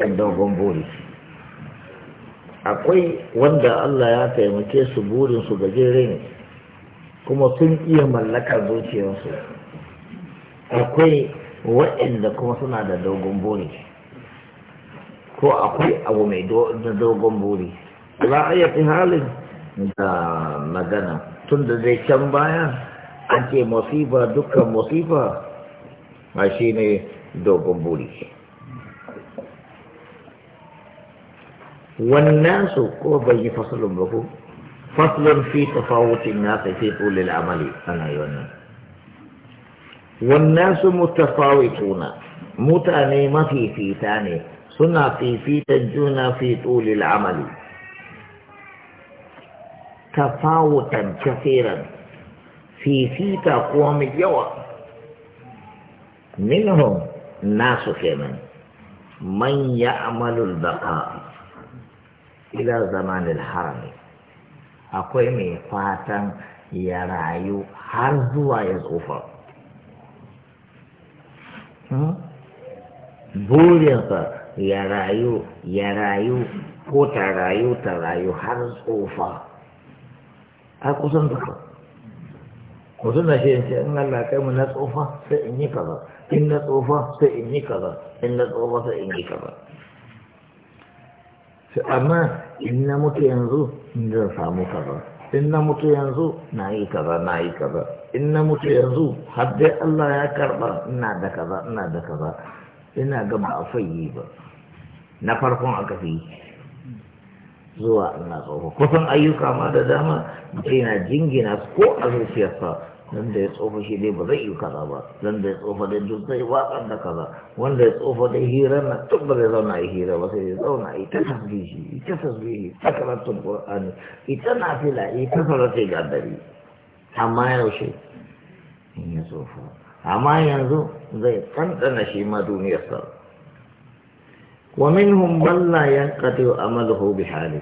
ɗan dogon buri akwai wanda Allah ya taimake su burinsu gajere ne kuma sun iya mallaka zuciyarsu akwai waɗanda kuma suna da dogon buri ko akwai abu mai dogon buri za a yi halin da magana tun da zai can baya an ce masifa dukkan masifa ma shi ne dogon buri والناس كو بي فصل بكو فصل في تفاوت الناس في طول العمل أنا يونا والناس متفاوتون متاني ما في في تاني سنة في في تجونا في طول العمل تفاوتا كثيرا في في تقوم الجوى منهم ناس كمان من يعمل البقاء ila zamanin harami akwai mai fatan ya rayu har zuwa ya tsufa hmm? burinsa ya rayu ya rayu ko ta rayu ta rayu har tsufa a kusan duka mutum na shi yanci in Allah kai mu na tsufa sai in yi kaza in na tsufa sai in yi kaza in na tsufa sai in yi kaza amma in na mutu yanzu zan samu kaza in na mutu yanzu na yi kaza na yi kaza in na mutu yanzu har dai Allah ya karba ina da kaza ina da kaza ina ga ba a fayi ba na farkon aka fi zuwa ina tsoho kusan ayyuka ma da dama mutum yana jingina ko a zuciyarsa nan da ya tsofa shi dai ba zai yi kaza ba nan da ya tsofa dai duk zai watsar da kaza wanda ya tsofa dai hira na duk ba zai zauna a hira ba sai ya zauna a ita tasbihi ita tasbihi ta karatun qur'ani ita nafila ita salati ga dare amma yaushe in ya tsofa amma yanzu zai tsantsana shi ma duniyar sa wa minhum man la yanqati amaluhu bi hali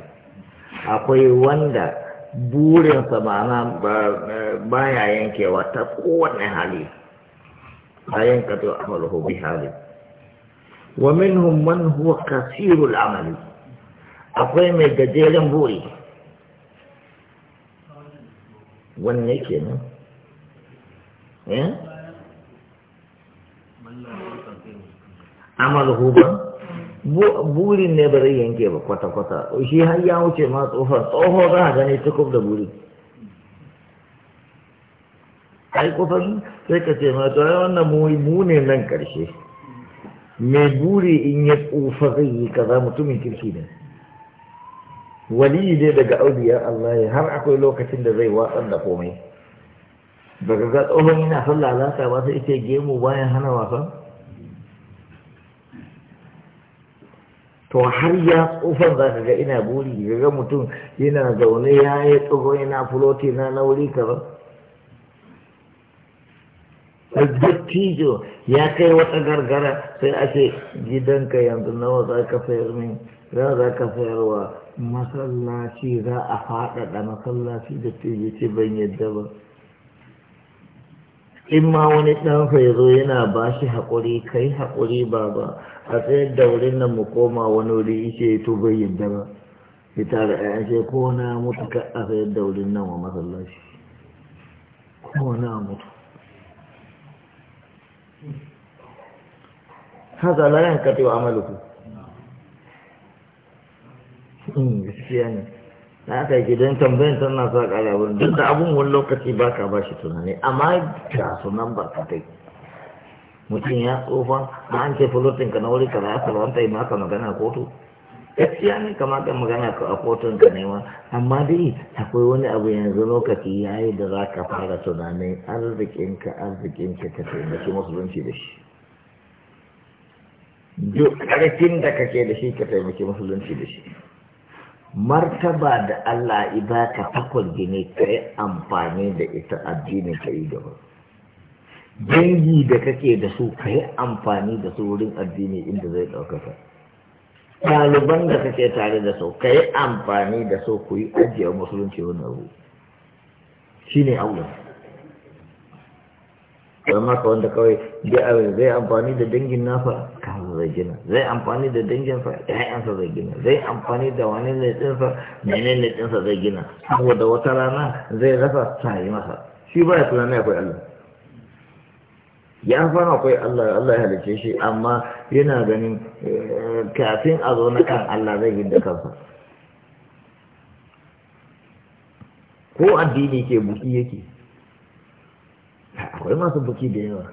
akwai wanda burinsa na ba ya yankewa ta kowane hali bayan ka to amalu bi hali wa minhum man huwa Kasiru amali akwai mai gajeren buri wanne kenan eh amalu ba burin ne ba zai yanke ba kwata-kwata shi har ya wuce ma tsohon tsoho za a gani tukub da buri ai kusan sai ka ce ma to wannan mu ne nan karshe mai buri in ya tsufa zai yi kaza mutumin kirki ne waliyi ne daga auliya Allah ya har akwai lokacin da zai watsar da komai daga ga tsohon yana sallah lalata ba sai ita gemu bayan hana wasan to har ya tsufan za ka ga ina buri ga ga mutum yana zaune ya yi tsoro yana fuloti na nauri kaza dattijo ya kai wata gargara sai a ce gidanka yanzu nawa za ka sayar min za za ka wa masallaci za a faɗaɗa masallaci da ce ban yadda ba in ma wani ɗansa ya zo yana ba shi haƙuri kai haƙuri ba ba a tsayar da wurin nan mu koma wani wuri ishe to bai yadda ba ya tara ƴaƴan shi ko na mutu ka a tsayar da wurin nan wa masallaci ko na mutu haka la yankati wa amaluku gaskiya ne na aka yi gidan tambayin tana sa ƙara wurin duk da abin wani lokaci ba ka ba shi tunani amma ga sunan ba ka kai mutum ya tsofa na an ce fulotin ka na wuri ka za ta yi maka magana kotu gaskiya ne kamata magana ka a kotun ka ne amma dai akwai wani abu yanzu lokaci ya yi da za ka fara tunanin arzikinka arzikinka ka taimaki musulunci da shi duk ƙarfin da kake da shi ka taimaki musulunci da shi martaba da Allah ibaka takwas gine ka yi amfani da ita addini ka yi gaba dangi da kake da su ka yi amfani da su wurin addini inda zai ɗaukaka ɗaliban da kake tare da su ka yi amfani da su ku yi ajiyar musulunci wani abu shi ne Allah don ka wanda kawai Eh, zai amfani da dangin nasa kansa zai gina zai amfani da danginsa ya'yansa zai gina zai amfani da wani laitsinsa mene laifinsa zai gina saboda wata rana zai rasa ta yi masa shi baya tunanin akwai Allah ya fara akwai Allah Allah ya halice shi amma yana ganin eh, kafin a zo na kan Allah zai yi da kansa ko addini ke buki yake akwai masu buki da yawa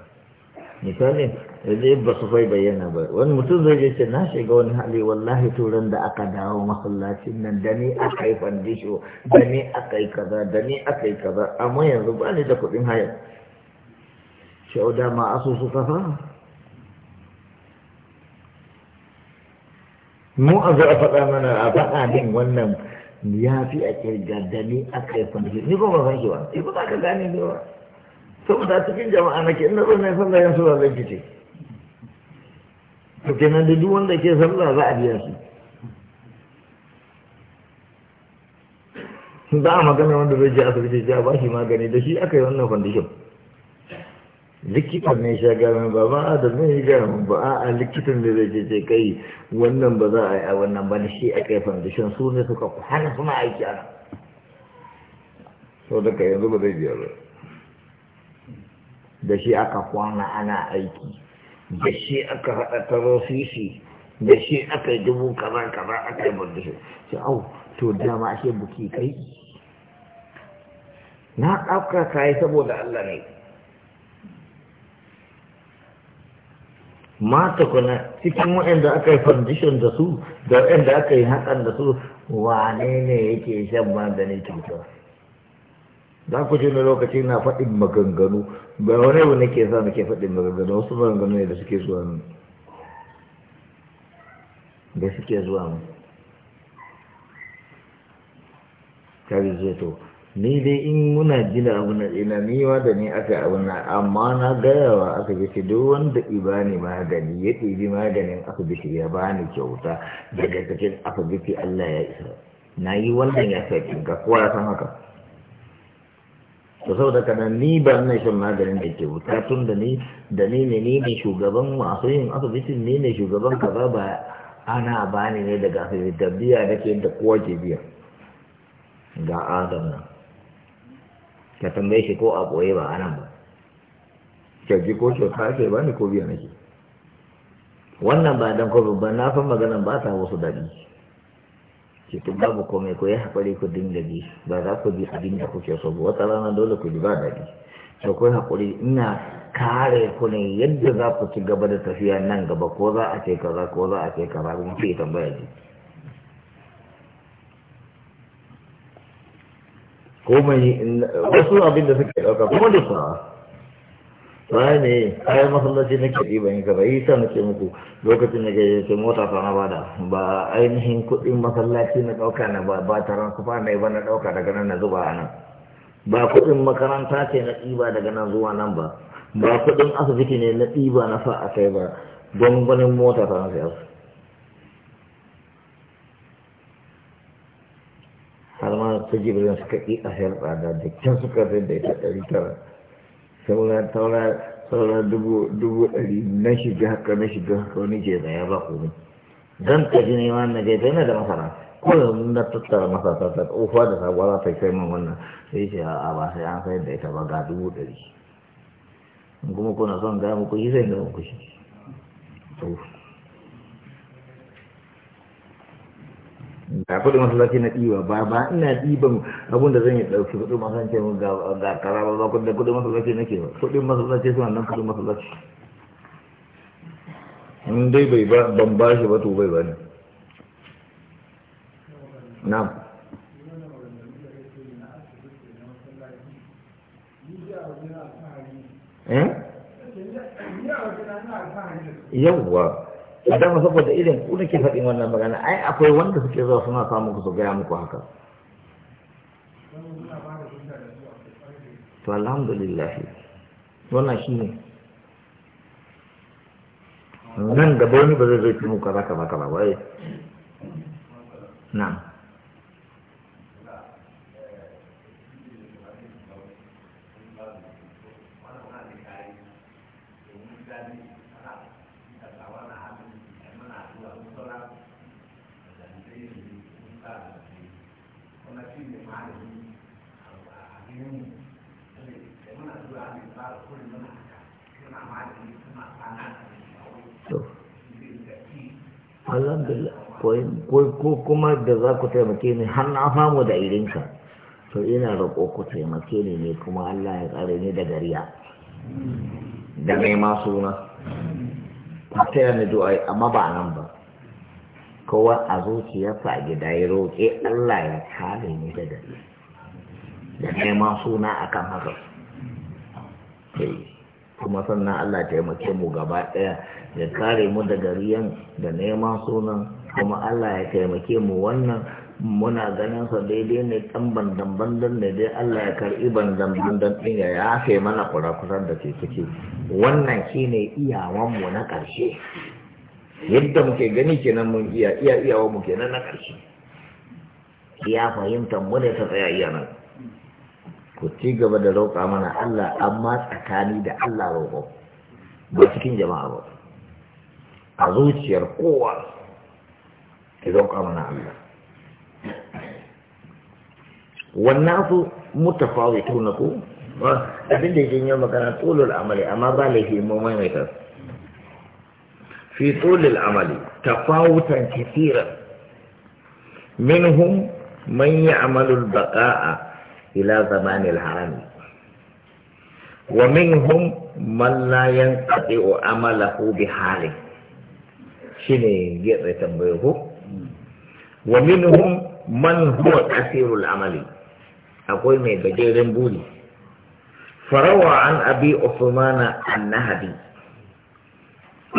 misali zai ba su fai bayyana ba wani mutum zai je ce na shiga wani hali wallahi turan da aka dawo masallacin nan da ni aka yi fandisho da ni aka yi kaza da ni aka yi kaza amma yanzu ba ni da kuɗin haya shau da ma asusu kafa mu a za a faɗa mana a faɗa min wannan ya fi a kirga da ni aka yi fandisho ni ko ba san shi ba ni ba za ka gane ne ba saboda cikin jama'a na ke nazo ne sallah yan sura zai fice to kenan da duk wanda ke sallah za a biya shi za a magana wanda zai je asibiti ya ba shi magani da shi aka yi wannan kwandishin likitan ne sha gami ba ba da ne yi gami ba a a likitan da zai ce kai wannan ba za a yi a wannan ba shi a kai foundation su ne suka hana suna aiki ana sau da ka yanzu ba zai biya ba da shi aka kwana ana aiki da shi aka haɗa taro sisi da shi aka yi dubu kaza kaza aka yi shi au to dama ashe buki kai na ɗauka kayi saboda Allah ne mata kuna cikin waɗanda aka yi foundation da su da waɗanda aka yi hakan da su wane ne yake shan magani cutar za ku ce na lokaci na faɗin maganganu ba wani abu nake sa nake faɗin maganganu wasu maganganu ne da suke zuwa mu da suke zuwa mu kari zai to ni dai in muna jina abu na ina ni ma da ni aka abu na amma na gayawa aka bi duk wanda ibani magani ya ɗibi maganin asibiti ya bani kyauta daga cikin asibiti Allah ya isa na yi wannan ya sa kinka kowa ya san haka to saboda kana ni ba na shan maganin da ke wuta tun da ni da ni ne ni ne shugaban masu yin asibitin ni ne shugaban kaza ba ana ba ni ne daga asibiti da biya ke da kowa ke biya ga adam nan ka tambaye shi ko a ɓoye ba anan ba kyauki ko kyauta ake bani ko biya nake wannan ba dan ko ba na san maganan ba ta wasu daɗi ce babu komai ko ya haƙuri ku dinga bi ba za ku bi abin da kuke so wata rana dole ku ji ba daɗi to ku haƙuri ina kare ku ne yadda za ku ci gaba da tafiya nan gaba ko za a ce kaza ko za a ce kaza kuma ke tambaya ji komai wasu abin da suke ɗauka kuma da sa'a sai ne masallaci nake ɗiban ban ga yi sa nake muku lokacin da gaje ce mota fa na bada ba ainihin kuɗin masallaci na dauka na ba ba taron kufa na ba na dauka daga nan na zuba a nan ba kuɗin makaranta ce na ɗiba daga nan zuwa nan ba ba kuɗin asibiti ne na ɗiba na fa a kai ba don ganin mota ta na sayar har ma ta jibirin suka ƙi a sayar da da kyan suka zai da ita ɗari tara sauran taura sauran dubu dubu ɗari na shiga haka na shiga haka wani ke da ya ba komai zan ji ne ma na gefe na da masara ko na tattara masa ta ta tsofa da sabuwa za ta kai min wannan sai ce a ba sai an sayar da ita ba ga dubu ɗari kuma kuna son gaya muku shi sai ga muku shi ba kudin masallaci na ɗiba ba ba ina ɗiban abin da zan yi ɗauki kudin masallaci ga kara ba ba kudin kudin masallaci nake ba kudin masallaci suna nan kudin masallaci in dai bai ba ban ba shi ba to bai ba ne na eh? yawwa a dama saboda irin ku ke faɗin wannan magana ai akwai wanda suke zuwa suna samun ku su gaya muku haka to alhamdulillah wannan shi ne nan gaba wani ba zai zai fi muka za ba ba wai na alhamdulillah ko kuma da za ku taimake ni har na famu da irinka to ina roƙo ku taimake ni ne kuma Allah ya tsare ni da gariya da mai masu na ta taya ni du'a amma ba nan ba kowa a zuciyarsa a gida ya roƙe Allah ya tsare ni da gariya da mai masu na akan haka kuma sannan Allah ya taimake mu gaba ɗaya ya kare mu daga riyan da neman sunan kuma Allah ya taimake mu wannan muna ganin sa daidai ne ɗan bandan bandan ne dai Allah ya karɓi bandan bandan ɗin ya yafe mana kurakuran da ke ciki wannan shine iyawan mu na ƙarshe yadda muke gani kenan mun iya iya iyawan mu kenan na ƙarshe iya fahimta mu ne ta tsaya iya nan ku ci gaba da roƙa mana Allah amma tsakani da Allah roƙo ba cikin jama'a ba a zuciyar kowa ki roƙa mana Allah wannan su mutafawi tunaku ba abin da yake yin magana tulul amali amma ba laifi mu maimaita fi tulul amali tafawutan kathira minhum man ya'malu amalul baqaa ila zamanil harami wa minhum man la yanqati'u amalahu bi hali shine gida tambayo ko wa minhum man huwa kasirul amali akwai mai gajeren buri farawa an abi usmana annahdi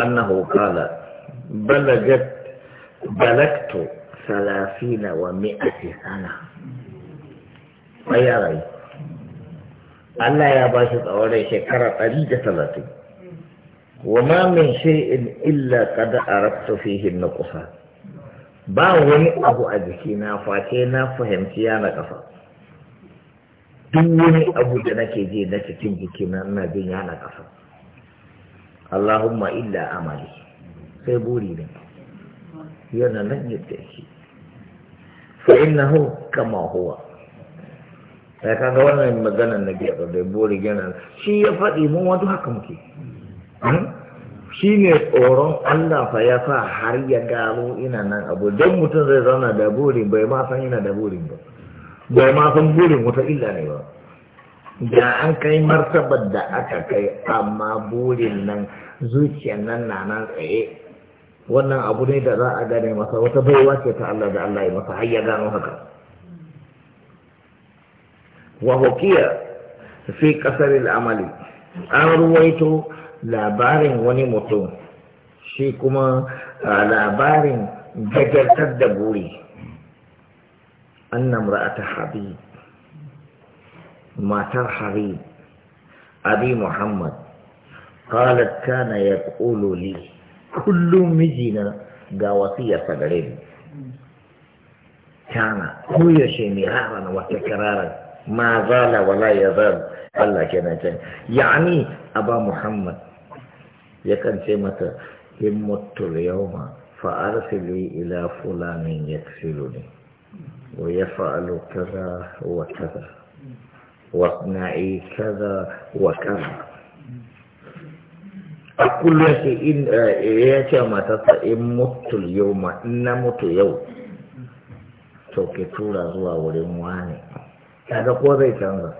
annahu qala balagat balagtu 30 wa 100 mai ya rayu Allah ya ba shi tsawon shekara ɗari da talatin wa ma min shay'in illa qad arabtu fihi na nuqsa ba wani abu a jikina face na fahimci yana kafa duk wani abu da nake ji na cikin jikina ina jin yana ƙasa Allahumma illa amali sai buri ne yana nan yadda yake fa innahu kama huwa sai kaga wannan maganar na biya da bori gina shi ya faɗi mun wato haka muke hmm? shi ne tsoron Allah fa ya sa har ya gano ina nan abu don mutum zai zauna da burin bai ma san ina da burin ba bai ma san burin wata illa ne ba da an kai martabar da aka kai amma burin nan zuciyar nan na nan tsaye wannan abu ne da za a gane masa wata baiwa ce ta Allah da Allah ya masa har ya gano haka wahokiya fi kasar amali an ruwaito labarin wani mutum shi kuma labarin gajartar da buri annam ra'ata habib matar habib abi muhammad qalat kana yaqulu li kullum mijina ga wasiyarsa gare ni kana koyaushe mai rarana wata kararar ما زال ولا يزال الله كان يعني أبا محمد يكن إن مت اليوم فأرسل لي إلى فلان يكسلني ويفعل كذا وكذا واصنعي كذا وكذا أقول لك إن يا ما إن مت اليوم إن مت يوم توكي تورا زوا ولمواني kaga ko zai canza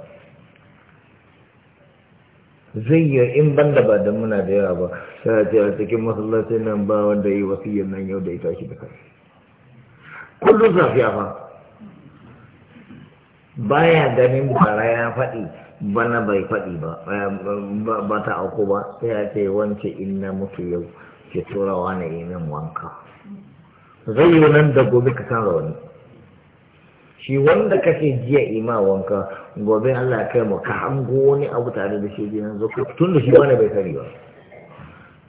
zai yi in ban da ba da muna da yawa ba sai ce a cikin masallacin nan ba wanda yi wasiyyar nan yau da ita shi da kai kullum safiya fa baya ganin bara ya faɗi bana bai faɗi ba ba ta auku ba sai ya ce wance in na mutu yau ke turawa na yi min wanka zai yi nan da gobe ka san rauni shi wanda kake jiya ima wanka gobe Allah ya mu ka hango wani abu tare da shi nan zo tun da shi wani bai sani ba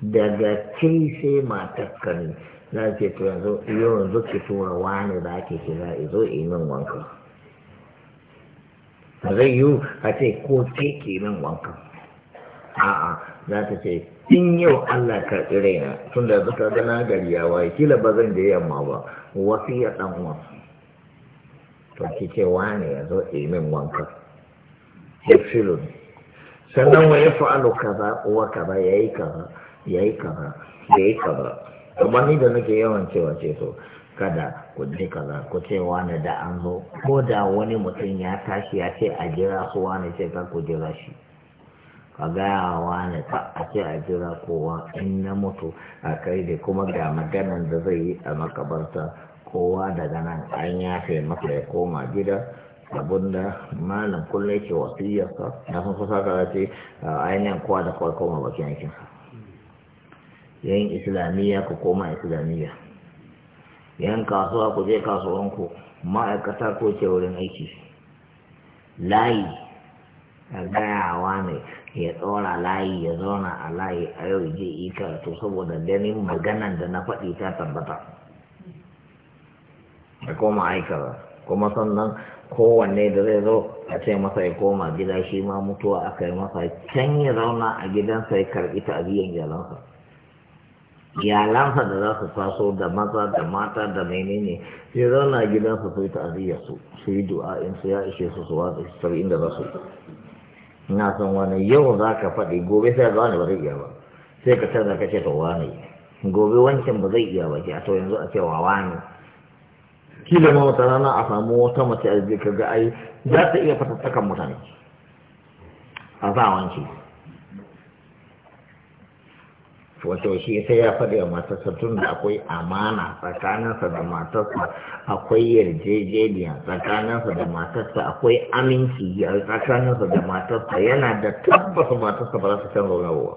daga kai sai ma ne za ce to yanzu yanzu ki tura wani da ake kira izo imin wanka zai yiwu a ce ko ke ke min wanka a'a za ta ce in yau Allah ka tsire na tun da zuka gana gari ya waye kila ba zan je yamma ba wasu ya ɗan wasu to ki ce wane ya zo min wanka yafsilu sannan wa yaf'alu kaza wa kaza yayi kaza yayi kaza kaza amma ni da nake yawan cewa ce kada ku je kaza ku ce wani da an zo ko da wani mutum ya tashi ya ce a jira su wani ce ka ku jira shi ka gaya wani ta a ce a jira kowa in na mutu a kai da kuma ga maganan da zai yi a makabarta kowa daga nan an yafe masa ya koma gida abunda malam kullum yake wasiyarsa na sun kusa ka ce ainihin kowa da kowa koma bakin yankin yin islamiyya ku koma islamiyya yan kasuwa ku je kasuwanku ma'aikata ko ce wurin aiki layi a gayawa ne ya tsora layi ya zauna a layi a yau je yi karatu saboda ganin maganan da na faɗi ta tabbata ya koma kuma sannan kowanne da zai zo a ce masa ya koma gida shi ma mutuwa aka yi masa can ya zauna a gidansa ya karɓi abiyan iyalansa iyalansa da za su taso da maza da mata da menene ya zauna a gidansa su yi ta'aziyyar su su yi in su ya ishe su su watsa su sabi inda za su ina son wani yau za ka faɗi gobe sai ga wani ba zai iya ba sai ka canza ka ce to wani gobe wancan ba zai iya ba ke a to yanzu a ce wa wani kila ma wata rana a samu wata mace a ka ga ai za ta iya fatattakan mutane a zawanci wato shi sai ya faɗi wa matarsa tun da akwai amana tsakaninsa da matarsa akwai yarjejeniya tsakaninsa da matarsa akwai aminci a tsakaninsa da matarsa yana da tabbas matarsa ba za ta canza wani abuwa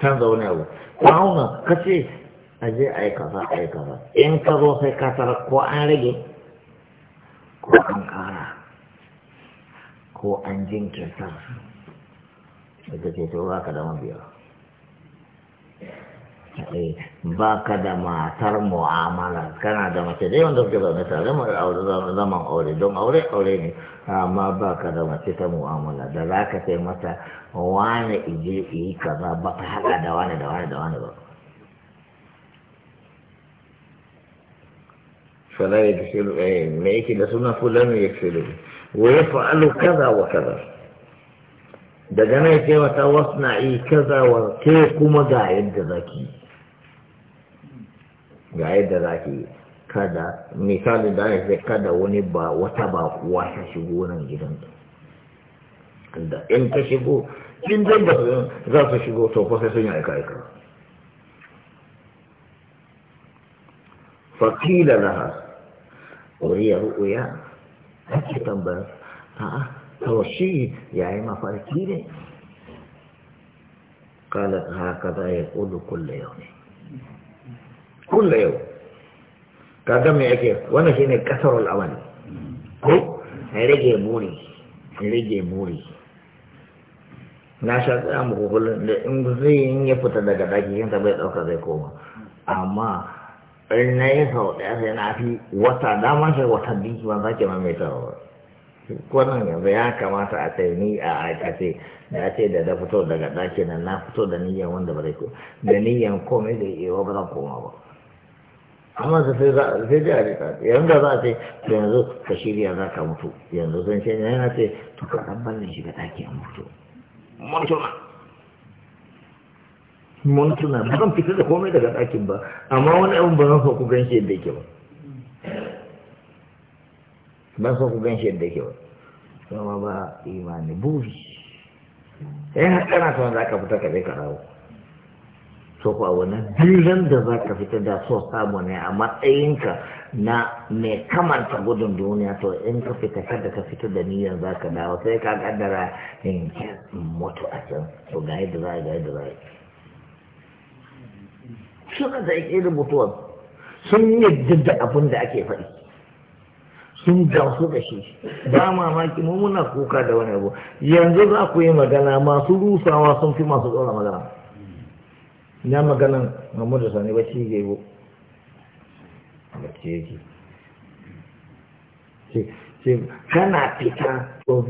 canza wani abu ka auna a je a yi kaza a yi kaza in ka zo sai ka tara ko an rage ko an kara ko an jinkirta daga ce to ba ka da mabiya eh, ba ka da matar mu'amala kana da mace dai wanda suke zaune tare mu zaman aure don aure aure ne amma ba ka da mace ta mu'amala da za ka sai mata wane ije yi kaza ba ka haɗa da wane da wane da wane ba فلا يدخل ايه ميك لسنا فلان يكسله ويفعل كذا وكذا ده جماعة كيوة واصنعي كذا وكيكما قاعد ذاكي قاعد ذاكي kada misali da ya ce kada wani ba wata ba kuwa ta shigo nan gidan da in ta shigo in dai ba za su shigo to fa sai sun yi aika aika faƙila laha wariya ru'uya ake tambayar a'a tawashi ya yi mafarki ne قالت هكذا يقول كل يوم كل يوم kaga me yake wannan shine kasarul amal ko rage muri rage muri na sha tsaya muku kullum da in zai ya fita daga daki yin bai ɗauka zai koma amma in na yi sau da sai na fi wata dama shi wata biyu ba za ki mamaita ba wannan yanzu ya kamata a sai ni a aikace da ce da da fito daga daki nan na fito da niyyar wanda ba zai da niyyar komai da iya ba zan koma ba amma da sai za sai da rika yanzu za a ce to yanzu ka shirya za ka mutu yanzu sun ce yana ce to ka ɗan balle shiga ɗaki a mutu mutu mun tuna ba zan fita da komai daga ɗakin ba amma wani abin ba zan so ku ganshi yadda yake ba ban so ku ganshi yadda yake ba kuma ba imani buri sai eh, har kana son za ka fita ka je ka dawo to ku a wannan dillan da za ka fita da so samu ne a matsayinka na mai kamanta gudun duniya to in ka fita kada ka fita da niyan za ka dawo sai ka kaddara in mutu a can to ga yadda za a ga yadda za a suna da yake rubutuwar sun yi da abin da ake faɗi sun gamsu da shi ba mamaki mu muna kuka da wani abu yanzu za ku yi magana masu rusawa sun fi masu tsora magana na maganan mamu da sani bacci ga yi bacci yake kana fita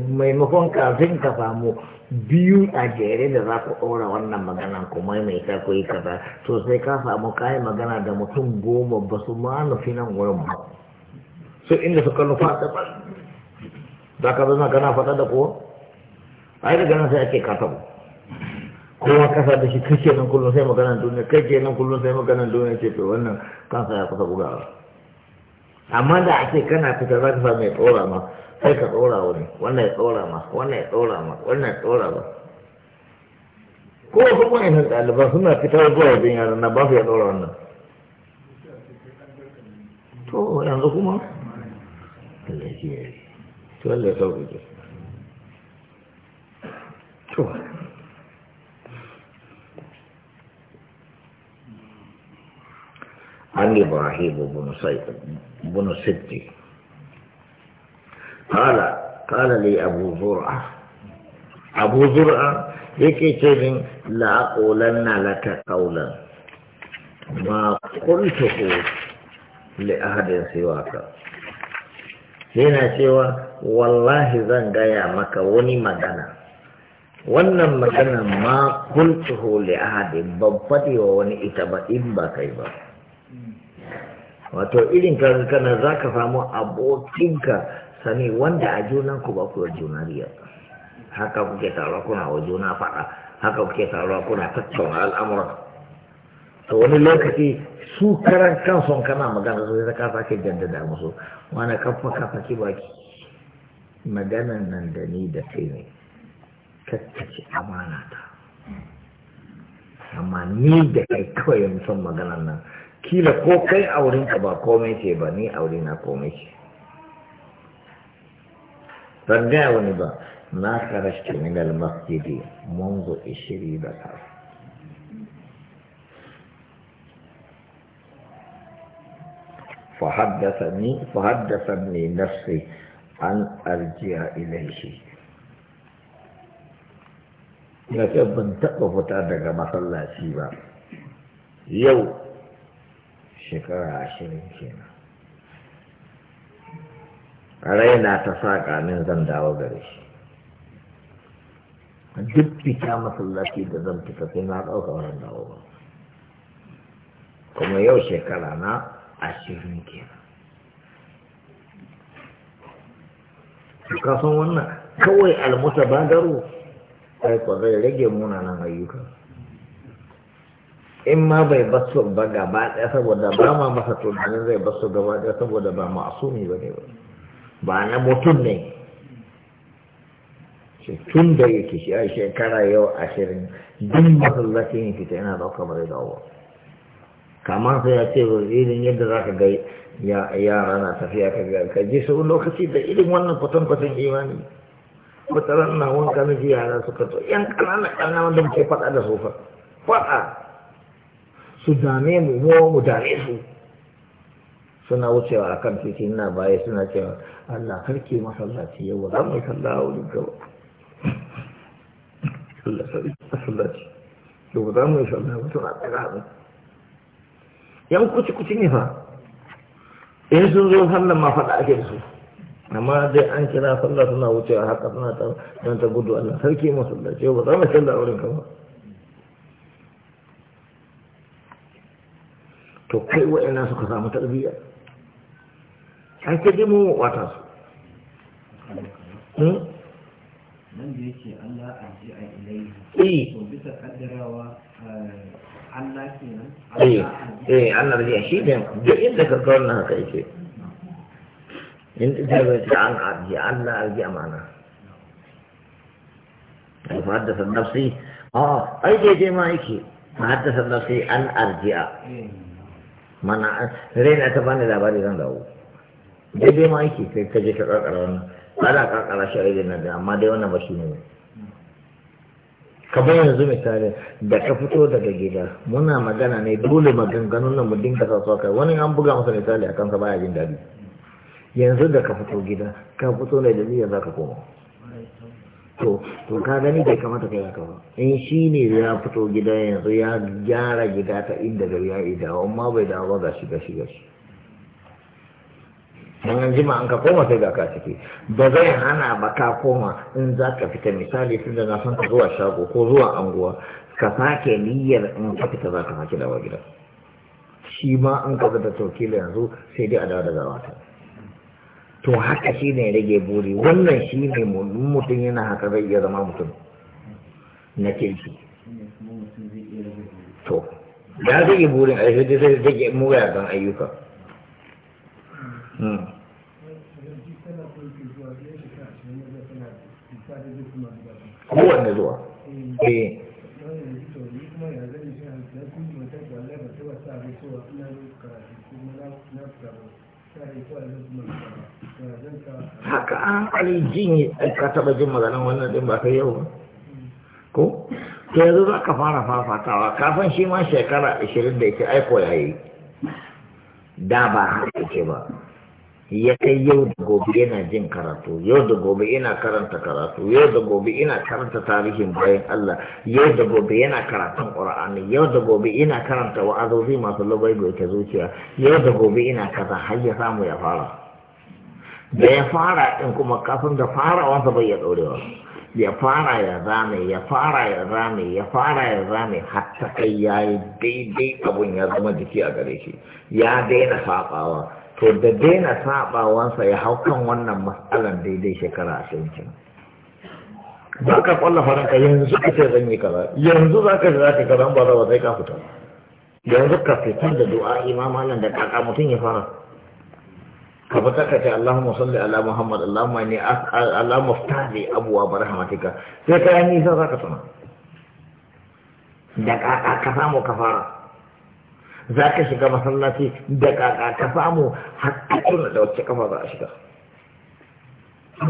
maimakon kafin ka samu biyu a jere da za ku ɗora wannan magana mai maimaita ku yi kaza to sai ka samu kayan magana da mutum goma ba su ma nufi nan wurin ba so inda suka nufa ta ba za ka zama kana fata da ko a yi daga sai ake katabu kowa kasa da shi kake nan kullum sai magana duniya kake nan kullum sai magana duniya ce to wannan kansa ya kusa bugawa amma da ake kana fita za ka sa mai tsora ma sai ka tsora wani wannan ya tsora ma wannan ya tsora ma wannan ya tsora ma ko wa'annan ɗaliban suna fitar zuwa yaran na ba su ya tsora wannan to yanzu kuma Allah ya sauƙi to عن إبراهيم بن سيد بن السبت قال قال لي أبو زرعة أبو زرعة يكي تبين لا أقولن لك قولا ما قلته لأحد سواك هنا سوى والله ذن جايا مك وني مدنا wannan magana ma kuntuhu li ahadin babbadi wa wani ita ba in ba kai ba wato irin kana za ka samu abokinka sani wanda a junan ku ba ku da juna riya haka kuke taruwa kuna wa juna faɗa haka kuke taruwa kuna tattauna al'amuran to wani lokaci su karan kansu kana magana su ta kafa ke jaddada musu wani kafa kafa ki baki maganan nan da ni da kai ne tattace amana ta amma ni da kai kawai musan maganan nan kila ko kai aurenka ba komai ce ba ni aure na komai ce ban gaya wani ba na karashta min almasjidi منذ ishiri da an فحدثني فحدثني نفسي Ya ce ban لكن بنتقف تادق مصلى سيبا يوم shekara ashirin kenan raina ta saƙa min zan dawo gare shi duk fita masallaci da zan fita sai na ɗauka wurin dawo ba kuma yau shekara na ashirin kenan kasan wannan kawai almusa ba garo ai ko zai rage munanan ayyuka in ma bai basu ba gaba ɗaya saboda ba ma masa tunanin zai basu gaba ɗaya saboda ba ne ba ne ba Ba na mutum ne tun da yake shi a shekara yau ashirin duk masallaci ne fita yana ɗauka ba zai dawo kamar sai ya ce irin yadda za ka ga yara na tafiya ka ga ka ji sau lokaci da irin wannan kwatankwatan imani kwatarar na wanka na ji yara suka to yan ƙananan kanana da muke faɗa da sofa faɗa su dame mu mu mu dame su suna wucewa a kan titi na baya suna cewa Allah karke masallaci yau ba za mu sallah a wurin gaba masallaci yau ba za mu yi sallah ba suna tsaka hannu yan kuci kuci ne fa in sun zo sallan ma faɗa ake da su amma dai an kira sallah suna wucewa haka suna ta don ta gudu Allah sarki masallaci yau ba za mu sallah a wurin gaba تقوى الناس خصام تربية أنت جمو واتس من يشي الله أرجع إليه إيه وبس أدرى و الله كنا إيه إيه الله رجع شيء بيم جئين لك القرن هذا إيشي إن جئوا شيئاً أرجع الله أرجع معنا فحدث النفسي آه أي جئ ما يكي فحدث النفسي أن أرجع إيه mana raina ta bani labari zan dawo daidai ma yake sai ka je ka kakara wannan na kakara shi a na da amma dai wannan ba shi ne kamar yanzu misali da ka fito daga gida muna magana ne dole maganganun nan mu dinga sa kai wani an buga masa misali a kansa baya jin daɗi yanzu da ka fito gida ka fito ne da niyyar za ka koma to to ka gani bai kamata kai yaka ba in shi ne ya fito gida yanzu ya gyara gida ta inda gari ya ida amma bai dawo ba gashi gashi gashi dan an jima an ka koma sai ga ka ciki ba zai hana ba ka koma in za ka fita misali tunda na san ka zuwa shago ko zuwa anguwa ka sake niyyar in ka fita za ka sake dawo gida shi ma an ka zata tokila yanzu sai dai a dawo da zawata to haka shi ne rage buri wannan shi ne mutum yana haka zai iya zama mutum na kirki to ya zai burin a yadda sai zai muga kan ayyuka hmm. kowanne zuwa eh Thank you. haka an ah, kwali jin ka taba jin maganin wannan din ba ta yau ba ko to yanzu za ka fara fafatawa kafin shi ma shekara ashirin da ce aiko ya yi da ba haka ke ba ya kai yau da gobe yana jin karatu yau da gobe yana karanta karatu yau da gobe yana karanta tarihin bayan Allah yau da gobe yana karatun Qur'ani yau da gobe yana karanta wa'azozi masu lobai ta zuciya yau da gobe ina kaza har ya samu ya fara da ya fara ɗin kuma kafin da farawansa bai ya ɗorewa ya fara ya zame ya fara ya zame ya fara ya zame hatta kai ya yi daidai abun ya zama jiki a gare shi ya daina saɓawa to da daina saɓawansa ya hau kan wannan matsalan daidai shekara ashirin kenan ba ka kwalla faranka yanzu ka ce zan yi kaza yanzu za ka za ka kaza ba za ka fita yanzu ka fitar da du'a imam malam da kaka mutum ya fara ka fata ka ce Allahumma salli ala Muhammad Allahumma ni Allahumma abu wa barhamatika sai ka yi sai zaka tuna da kaka ka samu kafara zaka shiga masallaci da kaka ka samu hakkun da wacce kafa za a shiga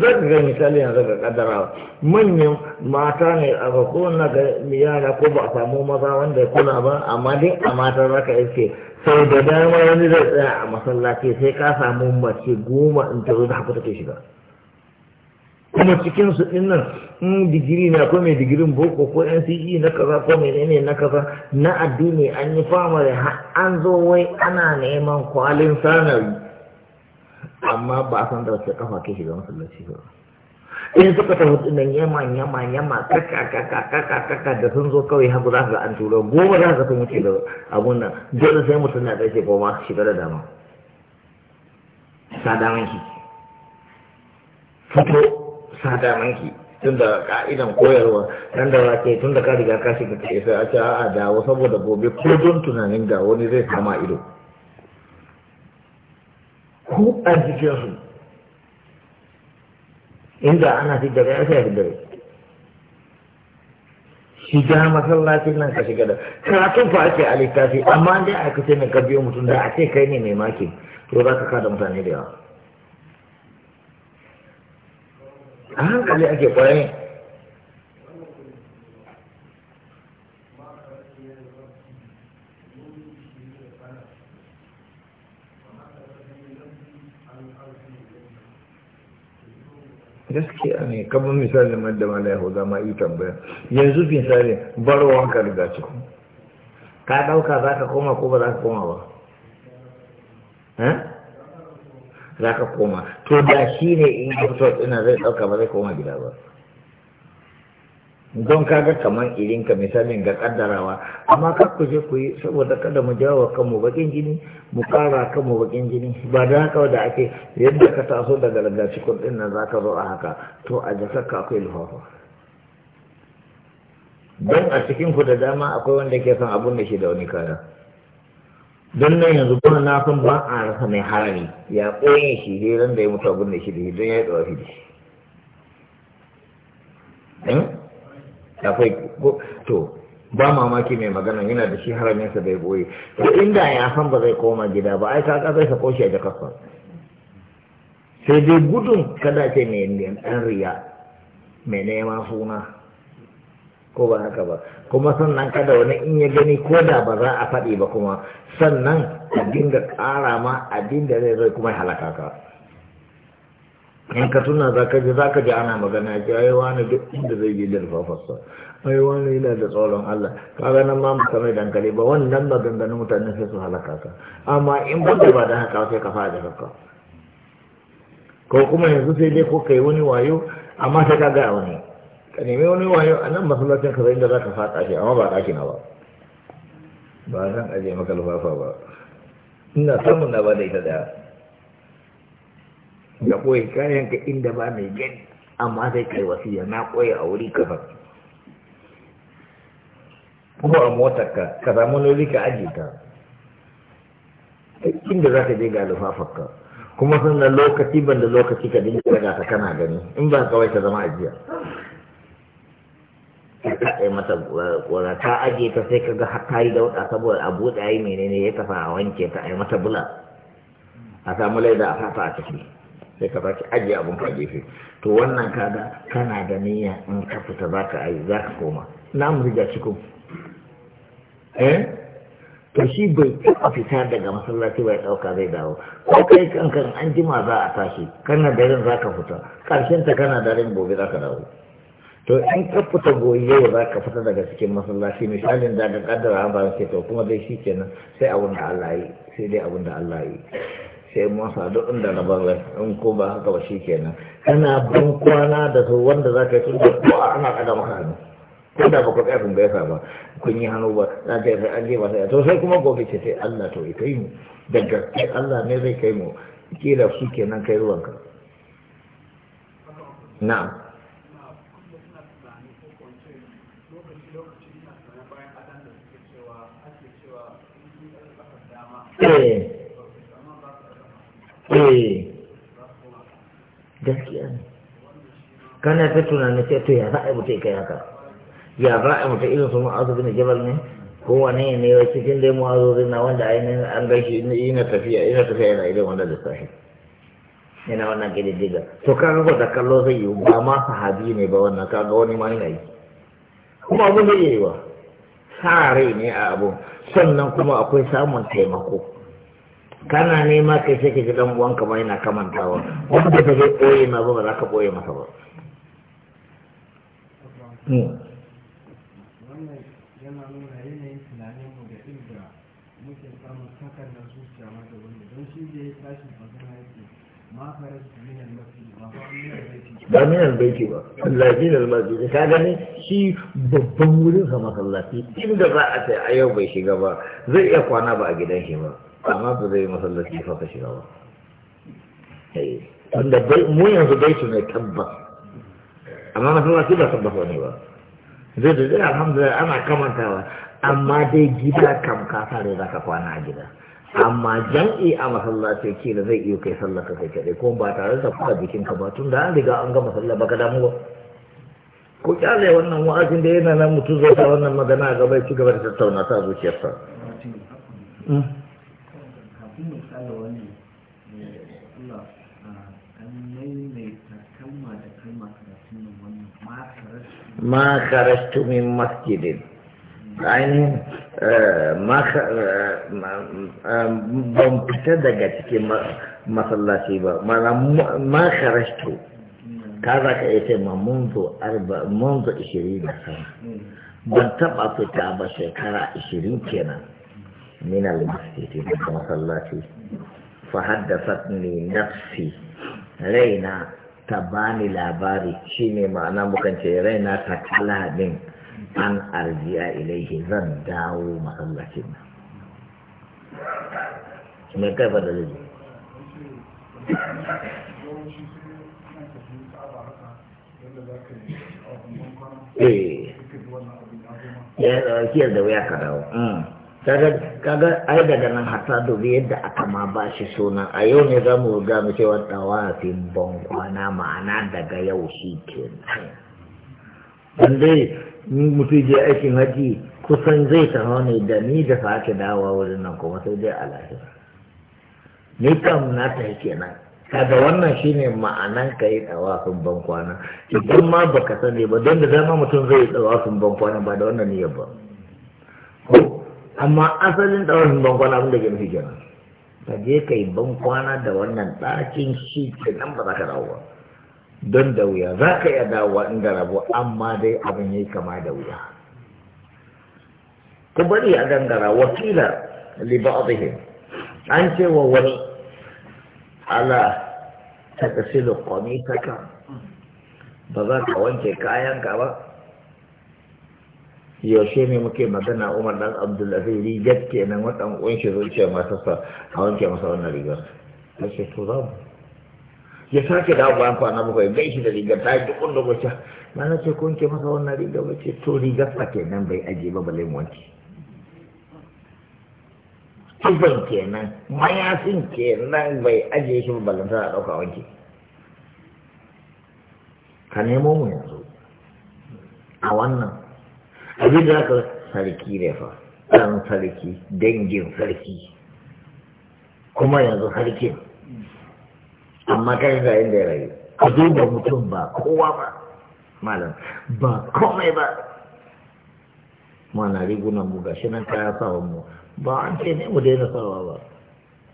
zaka ga misali yanzu ga kadara manyan mata ne a ga kowanne ga yara ko ba a samu maza wanda ya kula ba amma dai a mata zaka iske sau da dama wani zai tsaya a masallaci sai ka samu mace goma in ta zo da haka take shiga kuma cikin su din nan in digiri na ko mai digirin boko ko NCE na kaza ko mai ne na kaza na addini an yi famare an zo wai ana neman kwalin sanari amma ba a san da wace kafa ke shiga masallaci ba in suka tafi dinnan yamma yamma yamma kaka kaka kaka kaka da sun zo kawai hagu za ga an turo goma za ka sun wuce da abun nan dole sai mutum na ɗauke goma shiga da dama Sada manki. fito sa ki tun da ka'idan koyarwa nan da wake tun da ka riga ka shiga ka isa a ce a'a dawo saboda gobe ko don tunanin ga wani zai kama ido Ku a jikinsu inda ana fi daga ya fi daga shiga masallacin nan ka shiga da karatun fa ake a littafi amma dai a kace ne ka biyo mutum da a ce kai ne mai maki to za ka kada mutane da yawa a hankali ake kwayoyin gaskiya ne kamar misalin madda mala yahuda ma yi tambaya yanzu misali barwan ka riga ciki ka ɗauka za ka koma ko ba za ka koma ba eh? za ka koma to da shi ne in ka fito ina zai ɗauka ba zai koma gida ba don kaga kamar irin ka misalin ga kaddarawa amma ka ku je ku yi saboda kada mu jawo kanmu bakin jini mu kara kanmu bakin jini ba da haka da ake yadda ka taso daga lagaci kudin nan zaka zo a haka to a jasa ka akwai lufafa don a cikin ku da dama akwai wanda ke son abun da shi da wani kaya don nan yanzu kuma na san ba a rasa mai harami ya koyin shi hiran da ya mutu abun da shi da shi don ya yi tsawafi da shi hmm? akwai to ba mamaki mai magana yana da shi haraminsa bai boye to inda ya san ba zai koma gida ba ai ka zai sako shi a jakarsa sai dai gudun kada ce mai ɗan riya mai neman suna ko ba haka ba kuma sannan kada wani in ya gani ko da ba za a faɗi ba kuma sannan a dinga ƙara ma a dinga zai zai kuma halaka ka in ka tuna za ka ji za ka ji ana magana ce ai wani duk inda zai je da rufafarsa ai wani yana da tsoron Allah ka ga nan ma maka mai dankali ba wannan ba ganganin mutane sai su halaka ka amma in ba da ba da haka sai ka da ka ko kuma yanzu sai dai ko kai wani wayo amma sai ka ga wani ka nemi wani wayo a nan masallacin ka zai da za ka fada shi amma ba ɗaki na ba ba zan aje maka lufafa ba ina samun na ba da ita daya ga koyi kayan ka inda ba mai gani amma sai kai wasiya na koyi a wuri kafa Kuma a motar ka ka samu loli ka ajiye ta inda za ka je ga ka kuma sannan lokaci ban da lokaci ka dinga daga ta kana gani in ba kawai ta zama ajiya ta kai mata wala eh, ta ajiye ta sai kaga har ta yi wata saboda a buɗe yi menene ya kafa a wanke ta a yi mata bula a samu laida a fata a ciki sai ka sake ajiye abun ka gefe to wannan kada kana da niyya in ka fita za ka ayi za ka koma na mu riga cikin eh to shi bai taɓa fita daga masallaci bai ɗauka zai dawo ko kai kanka an jima za a tashi kana daren za ka fita ƙarshen ta kana daren gobe za ka dawo to in ka fita goyi yau za ka fita daga cikin masallaci misalin da ga kaddara an ba sai to kuma dai shi kenan sai abun da Allah yi sai dai abun da Allah yi sai mun sadu inda na bar in ko ba haka ba shi kenan kana ban kwana da su wanda za ka yi tun da ana kada maka hannu ko da ba ku tsaya kun ba kun yi hannu ba za ta yi an je ba sai to sai kuma gobe ce sai Allah to kai mu daga Allah ne zai kai mu kila su kenan kai ruwanka na'am Yeah. Eh. gaskiya ne kana ta tunanin sai to ya za a yi mutu ikai haka ya za a yi mutu irin su ma'azu bin jabal ne kowane ne wa cikin dai bin na wanda ainihin an gashi ina tafiya ina tafiya yana irin wanda lissafi yana wannan ƙididdiga to ka ko da kallo zai yi ba ma sahabi ne ba wannan ga wani ma yana yi kuma abin zai yi wa sa rai ne a abu sannan kuma akwai samun taimako kana nema kai sai ka ji dan uwan kamar yana kamantawa wanda ka zai koye ma ba za ka koye masa ba hmm. ba minan albaiti ba lafi da da ka gani shi babban wurin sa masallaci inda za a sai a yau bai shiga ba zai iya kwana ba a gidan shi ba amma ba zai masallaci fa ka shiga ba bai eh, mu yanzu bai ne tabbas amma na masallaci ba tabbas wani ba zai da zai alhamdulillah ana kamantawa amma dai gida kam ka sare za ka kwana a gida amma jam'i a masallaci ke da zai iya kai sallah ka kai kaɗai ko ba tare da kuka jikin ka ba tun da an riga an ga masallaci ba ka damu ba ko kyale wannan wa'azin da yana nan mutum zai sa wannan magana a bai ci gaba da tattauna ta zuciyarsa. Hmm. ma kharastu min masjidin ainihin ban fita daga cikin masallaci ba ma kharastu ka za iya ce ma munzu ishirin na sama ban taɓa fita ba shekara ishirin kenan min almasjidi daga masallaci fa haddasa nafsi raina ta bani labari shine ma'ana mukan ce raina ta kala an arziya ilaihi zan dawo masallacin nan kai ba da zai Eh, ya da wuya ka dawo. Mm. kaga ai daga nan ta dubi yadda aka ma ba shi suna a yau ne za mu ga mu cewa tawafin ban kwana ma'ana daga yau shi ke wanda mutum je aikin haji kusan zai taho ne da ni da sake dawa wurin nan kuma sai dai alahira ni kam na ta kenan kaga wannan shine ma'anan ka yi tawafin ban kwana idan ma baka sani ba don da dama mutum zai yi tawafin ban kwana ba da wannan niyyar ba amma asalin ɗaurin bankwana abin da ke nufi kenan ka je ka yi bankwana da wannan ɗakin shi ke nan ba za ka dawo ba don da wuya za ka iya dawo inda rabo amma dai abin ya yi kama da wuya ku bari a gangara wakila liba'adihim an ce wa wani ala ta kasilu kwamitaka ba za ka wanke kayan ka ba yaushe ne muke magana umar dan abdullahi rigar kenan watan kunshi zuciya sa a wanke masa wannan rigar ta ce to za mu ya sake dawo an kwana bakwai bai shi da rigar ta yi dukkan da gwacha na na ce kunke ke masa wannan rigar ba ce to rigar fa kenan bai ajiye ba balai mu wanke tufan kenan mayafin kenan bai ajiye shi ba balai a dauka wanke ka nemo mu yanzu a wannan abin da aka sarki ne fa ɗan sarki dangin sarki kuma yanzu sarki, amma kai ga inda ya rayu A duba mutum ba kowa ba malam ba komai ba mana rigunan mu shi nan kaya sawa mu ba an ce ne mu daina sawa ba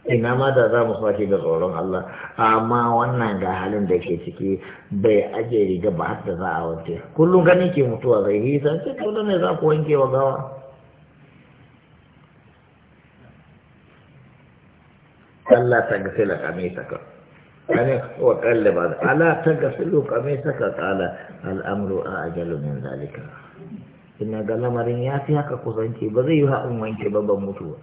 ina ma da za mu sake da tsoron Allah amma wannan ga halin da ke ciki bai aje riga ba har da za a wanke kullum ganin ke mutuwa zai yi san ce dole ne za ku wanke wa gawa Allah ta gasila kame saka kane wa kalle ba ala ta gasila kame saka kala al'amru a ajalu min zalika ina ga lamarin ya fi haka kusanci ba zai yi ha'un wanke ba ban mutuwa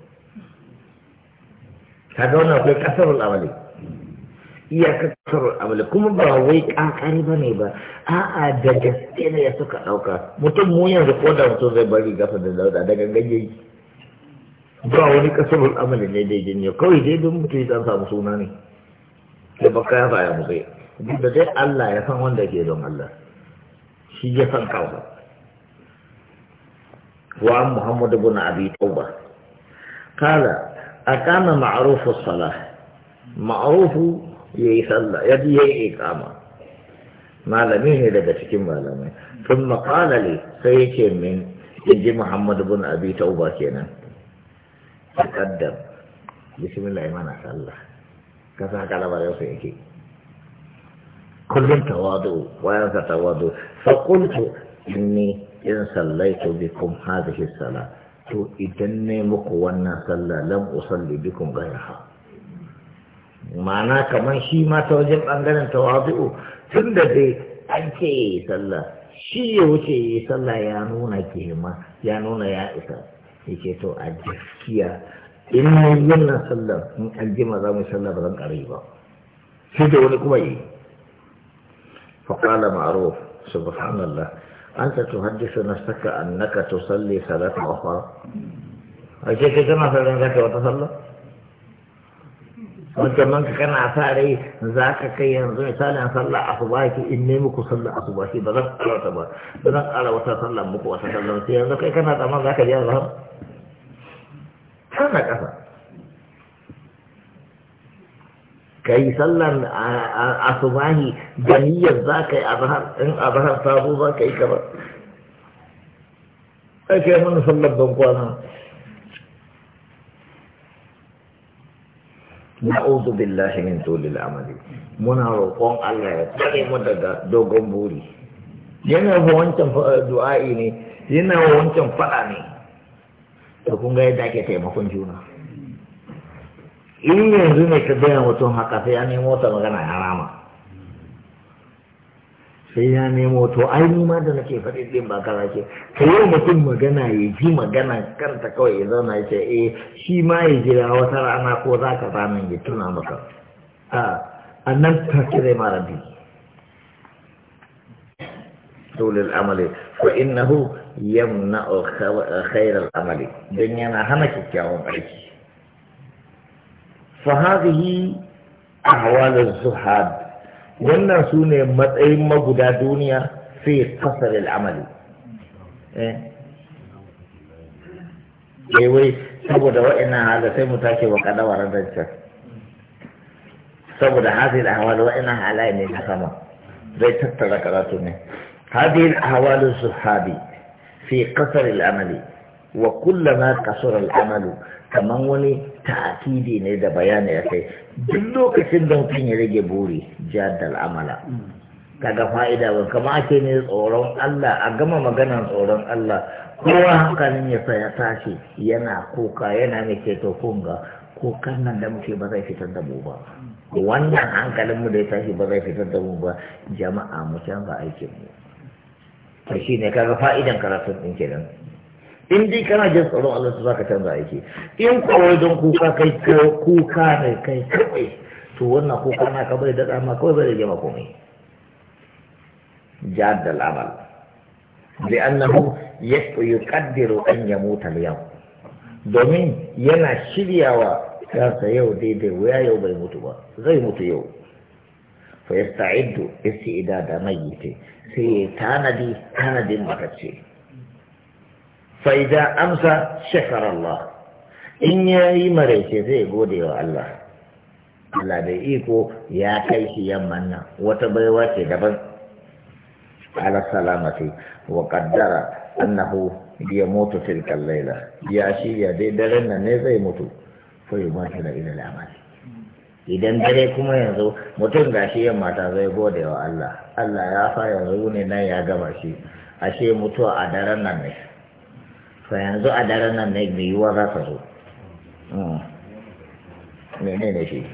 kaga wannan akwai kasarul amali iyaka kasarul amali kuma ba wai kankari ba ne ba a'a da gaske ne ya suka dauka mutum mu yanzu ko da mutum zai bari gasa da dauda daga ganye ba wani kasarul amali ne dai jinyo kawai dai don mutum ya samu suna ne da baka ya faya musu duk da dai Allah ya san wanda ke don Allah shi ya san kawai wa Muhammadu ibn Abi Tawba Kala. أقام معروف الصلاة معروف يصلى يدي إقامة ما لم يهد تكيم ما ثم قال لي سيكي من يجي محمد بن أبي توبة كنا تقدم بسم الله ما الله كذا قال ما يوفيك كل تواضع وأنت تواضع فقلت إني إن صليت بكم هذه الصلاة to idan ne muku wannan sallah lam usalli bikum ghayraha Mana kaman shi ma ta wajen bangaren tawazu'u tun da dai an ce sallah shi ya wuce yi sallah ya nuna ya nuna ya isa yake to a gaskiya in na yin wannan in an jima za mu sallah ba zan kare ba sai da wani kuma yi faƙala ma'aruf subhanallah أنت تحدث نفسك أنك تصلي صلاة أخرى أشياء كما صلى ذاك وتصلى وانت من كان عفاري ذاك كي ينظر مثالا صلى أصباك إني مكو صلى أصباك بذلك أرى تبا بذلك أرى وتصلى مكو وتصلى وتصلى كي كان هذا ما ذاك يا ظهر كان كفا ka yi sallar asubahi da niyyar za ka yi azhar in azhar ta zo za ka yi kamar ai kai mana sallar ban kwana na'udhu billahi min tulil amali muna roƙon Allah ya tsare mu daga dogon buri yana fa wancan du'a'i ne yana wancan fada ne to kun ga yadda ake taimakon juna in yanzu ne ka gaya mutum haka sai ya nemo ta magana ya rama sai ya nemo to ai ni ma da nake faɗi din ba kaza ke ka yi mutum magana ya ji magana karta kawai ya zauna ya ce eh shi ma ya jira wata rana ko za ka zamin ya tuna maka a nan ta kire mara bi dole al'amali fa innahu a khayral amali dan yana hana kyakkyawan aiki فهذه أحوال الزهاد wannan su ne matsayin maguda duniya fi kasar al'amali eh? Eh, wai saboda wa'ina hala sai mu take wa kadawar rancen saboda hafi da hawa da wa'ina halaye ne na sama zai tattara karatu ne hafi da hawa da su habi fi kasar al'amali wa kullama kasura al'amalu kaman wani ta'kidi ne da bayani ya kai duk lokacin da mutum ya rage buri jaddal amala kaga fa'ida ba kamar ake ne tsoron Allah a gama maganar tsoron Allah kowa hankalin ya sa ya tashi yana kuka yana mai ceto kunga kan nan da muke ba zai fitar da mu ba wannan hankalin mu da ya tashi ba zai fitar da mu ba jama'a mu canza aikin mu to shine kaga fa'idan karatun din kenan in dai kana jin tsoron Allah to zaka canza aiki in kawai don kuka kai kuka ne kai kawai to wannan kuka na ka bai da ma kawai bai rage ma komai jad al amal bi annahu yuqaddiru an yamuta domin yana shiryawa kansa yau daidai waya yau bai mutu ba zai mutu yau fa yasta'iddu istidada mayyit sai tanadi tanadin makace faida amsa shekar Allah In ya yi maraice zai gode wa Allah da iko ya kai shi yamman nan wata baiwa ce daban ala salamati wa kaddara. annahu ya mutu tilka laila ya shi ya dai daren nan ne zai mutu fa shi da ila al idan dare kuma yanzu mutum gashi yamma ta zai gode wa Allah Allah ya fa yanzu ne nan ya gama shi ashe mutuwa a daren nan ne to yanzu a daren nan ne mai yiwuwa za ka zo mene ne shi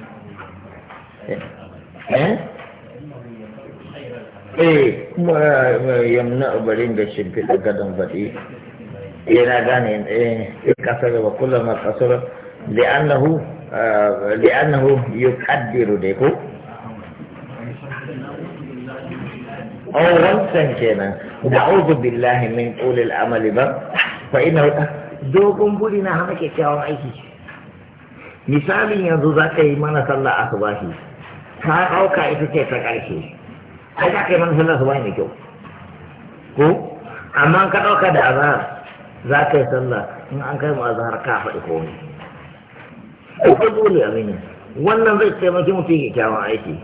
eh kuma yamna barin da shimfiɗa gadon baɗi yana gane eh kasar wa kullum kasar li'annahu li'annahu yuqaddiru dai ko أو غمسا كان نعوذ بالله من قول العمل بر fa'ina ina ah, dogon buri na hana kyakkyawan aiki misalin yanzu za ka yi mana sallah asubahi ka ɗauka ita ce ta ƙarshe ai za ka yi mana sallah asubahi mai kyau ko amma ka ɗauka da azahar za ka yi sallah in an kai mu azahar ka faɗi komai ko dole abin ne wannan zai taimaki mutum kyakkyawan aiki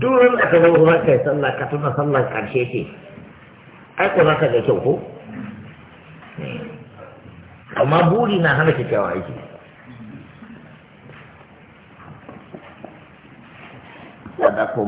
durin da ka zo za ka yi sallah ka tuna sallah ƙarshe ce ai ko za ka ga kyau ko hmm. amma buri na hana kyakkyawan aiki wadda ɗako